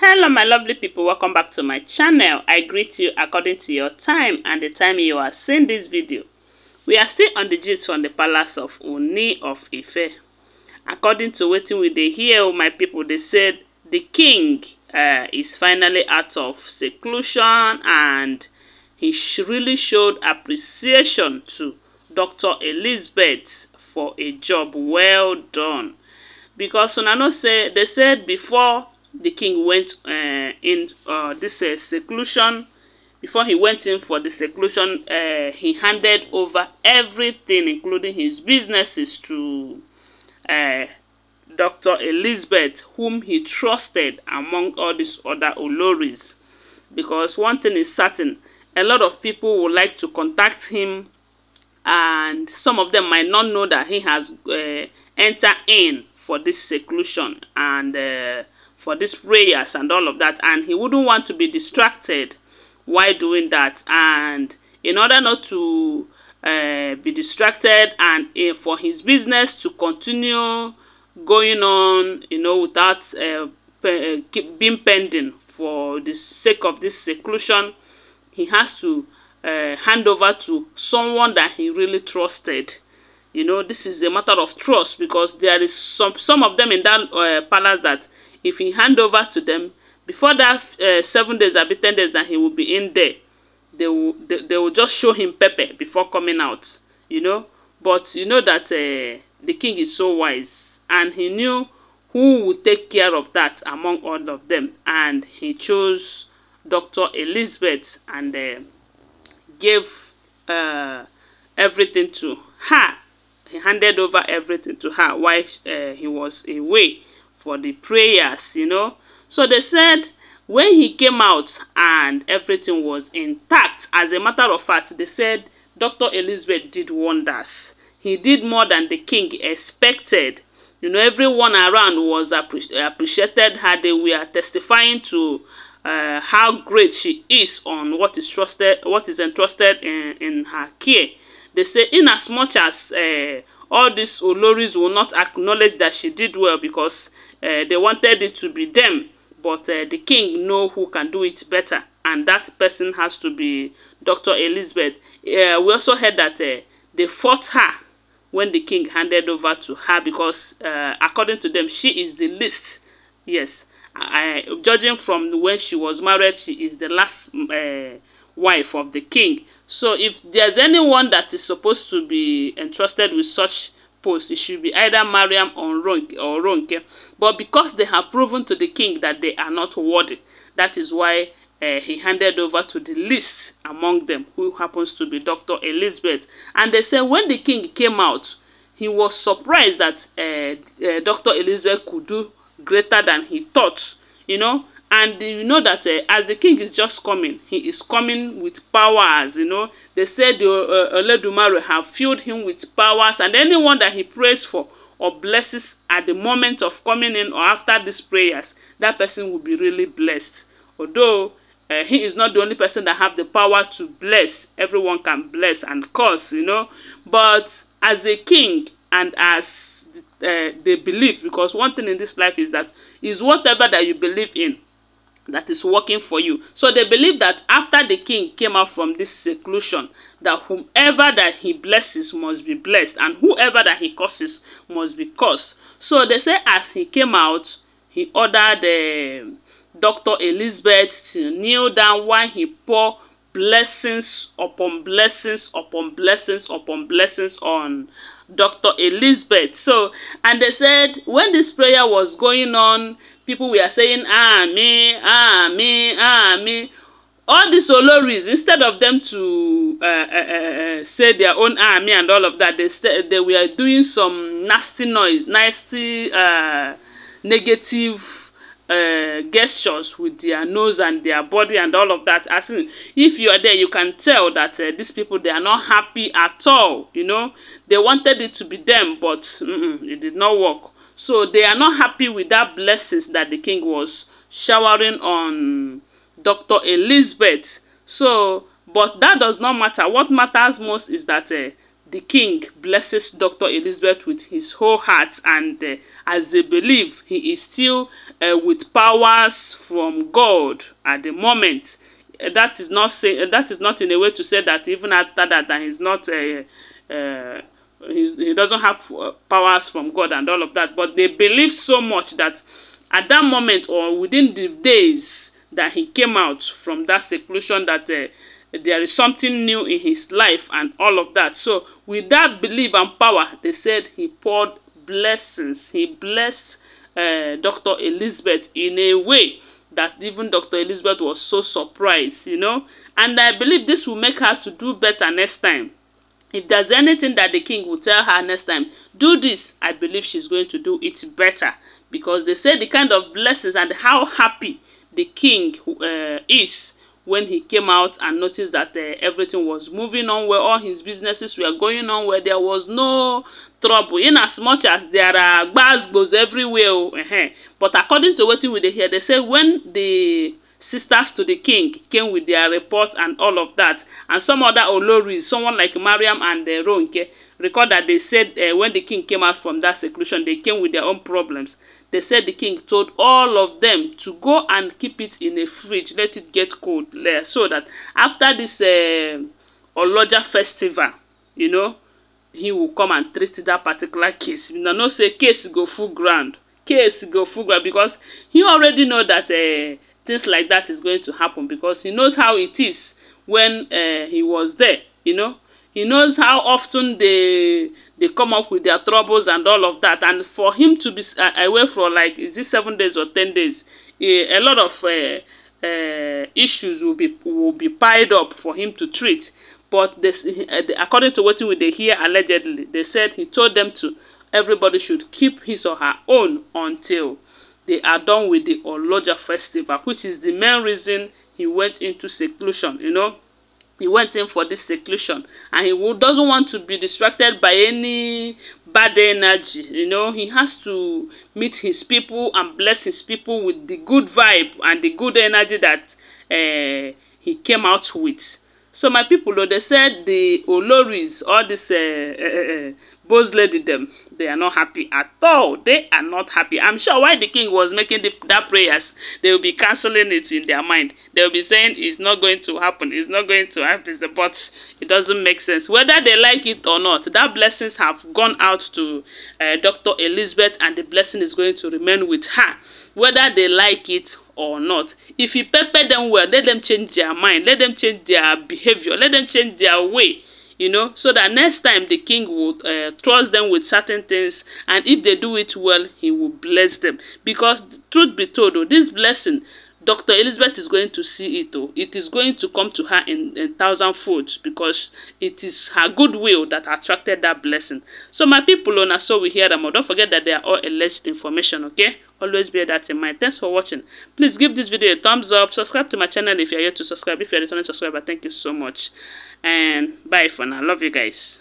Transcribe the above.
hello my lovely people welcome back to my channel i greet you according to your time and the time you are seeing this video we are still on the gist from the palace of Uni of Ife according to wetin we dey hear oh, my people they said the king uh, is finally out of seclusion and he really showed appreciation to Dr. Elizabeth for a job well done because una know say they said before the king went uh, in uh, this uh, seclusion, before he went in for the seclusion, uh, he handed over everything, including his businesses, to uh, Dr. Elizabeth, whom he trusted among all these other Oloris. Because one thing is certain, a lot of people would like to contact him and some of them might not know that he has uh, entered in for this seclusion and uh, for these prayers and all of that and he wouldn't want to be distracted while doing that and in order not to uh, be distracted and uh, for his business to continue going on you know without uh, pe being pending for the sake of this seclusion he has to hand over to someone that he really trusted you know this is a matter of trust because there is some some of them in that palace that if he hand over to them before that uh, seven days abi ten days that he will be in there they will they, they will just show him pepper before coming out you know but you know that uh, the king is so wise and he knew who would take care of that among all of them and he chose dr elizabeth and uh, gave uh, everything to her he handed over everything to her while uh, he was away for the prayers, you know. So they said when he came out and everything was intact, as a matter of fact, they said Dr. Elizabeth did wonders. He did more than the king expected. You know, everyone around was appreci appreciated her. they were testifying to uh, how great she is on what is trusted, what is entrusted in, in her care. They say, in as much as uh, all these Oloris will not acknowledge that she did well because uh, they wanted it to be them, but uh, the king know who can do it better, and that person has to be Dr. Elizabeth. Uh, we also heard that uh, they fought her when the king handed over to her because, uh, according to them, she is the least. Yes, I, judging from when she was married, she is the last uh, wife of the king. So if there's anyone that is supposed to be entrusted with such post, it should be either Mariam or Ronke, or Ronke. But because they have proven to the king that they are not worthy, that is why uh, he handed over to the least among them, who happens to be Dr. Elizabeth. And they say when the king came out, he was surprised that uh, eh, uh, eh, Dr. Elizabeth could do greater than he thought, you know and you know that uh, as the king is just coming he is coming with powers you know they said the uh, eh, Olodumare have filled him with powers and anyone that he prays for or blesses at the moment of coming in or after these prayers that person will be really blessed although uh, he is not the only person that have the power to bless everyone can bless and curse you know but as a king and as the, uh, they believe because one thing in this life is that is whatever that you believe in that is working for you. So they believe that after the king came out from this seclusion, that whomever that he blesses must be blessed, and whoever that he curses must be cursed. So they say as he came out, he ordered uh, um, Dr. Elizabeth to kneel down while he poured blessings upon blessings upon blessings upon blessings on Dr. Elizabeth. So, and they said when this prayer was going on, people were saying, Ah, me, ah, me, ah, me. All these Oloris, instead of them to uh, uh, uh, uh say their own army and all of that, they, st- they were doing some nasty noise, nasty, uh, negative uh, gestures with their nose and their body and all of that. As in, if you are there, you can tell that uh, these people, they are not happy at all. You know, they wanted it to be them, but mm-mm, it did not work. So they are not happy with that blessings that the king was showering on Dr. Elizabeth. So, but that does not matter. What matters most is that uh, The king blesses Dr. Elizabeth with his whole heart, and uh, as they believe, he is still uh, with powers from God at the moment. Uh, that is not say, uh, that is not in a way to say that even after that, that he's not. Uh, uh, he's, he doesn't have uh, powers from God and all of that, but they believe so much that at that moment or within the days that he came out from that seclusion that uh, there is something new in his life and all of that. So with that belief and power, they said he poured blessings. He blessed uh, eh, Dr. Elizabeth in a way that even Dr. Elizabeth was so surprised, you know. And I believe this will make her to do better next time. If there's anything that the king will tell her next time, do this, I believe she's going to do it better. Because they say the kind of blessings and how happy the king uh, is when he came out and noticed that uh, everything was moving on where all his businesses were going on where there was no trouble in as much as there are gbas gbos everywhere oh, uh -huh. but according to wetin we dey hear they say when the sisters to the king came with their reports and all of that. And some other Olori, someone like Mariam and uh, Ronke, record that they said uh, when the king came out from that seclusion, they came with their own problems. They said the king told all of them to go and keep it in a fridge, let it get cold, there, uh, so that after this uh, Oloja festival, you know, he will come and treat that particular case. You know, no say case go full ground. Case go full ground because he already know that uh, things like that is going to happen because he knows how it is when uh, he was there you know he knows how often they they come up with their troubles and all of that and for him to be uh, away for like is it seven days or ten days uh, a lot of uh, uh, issues will be will be piled up for him to treat but this, uh, according to what we they hear allegedly they said he told them to everybody should keep his or her own until they are done with the Oloja festival, which is the main reason he went into seclusion, you know. He went in for this seclusion and he doesn't want to be distracted by any bad energy. You know, he has to meet his people and bless his people with the good vibe and the good energy that uh, he came out with. So my people, though, they said the Oloris, all these uh, uh, eh, uh, eh, Both lady them, they are not happy at all. They are not happy. I'm sure why the king was making the, that prayers, they will be cancelling it in their mind. They will be saying it's not going to happen. It's not going to happen. But it doesn't make sense. Whether they like it or not, that blessings have gone out to uh, Dr. Elizabeth and the blessing is going to remain with her. Whether they like it or not. If you pepper them well, let them change their mind. Let them change their behavior. Let them change their way you know, so that next time the king will uh, trust them with certain things, and if they do it well, he will bless them. Because, truth be told, oh, this blessing Dr. Elizabeth is going to see it. Oh. It is going to come to her in, in thousand folds because it is her goodwill that attracted that blessing. So my people, on so we hear them. Oh, don't forget that they are all alleged information, okay? Always bear that in mind. Thanks for watching. Please give this video a thumbs up. Subscribe to my channel if you are yet to subscribe. If you are returning subscriber, thank you so much. And bye for now. Love you guys.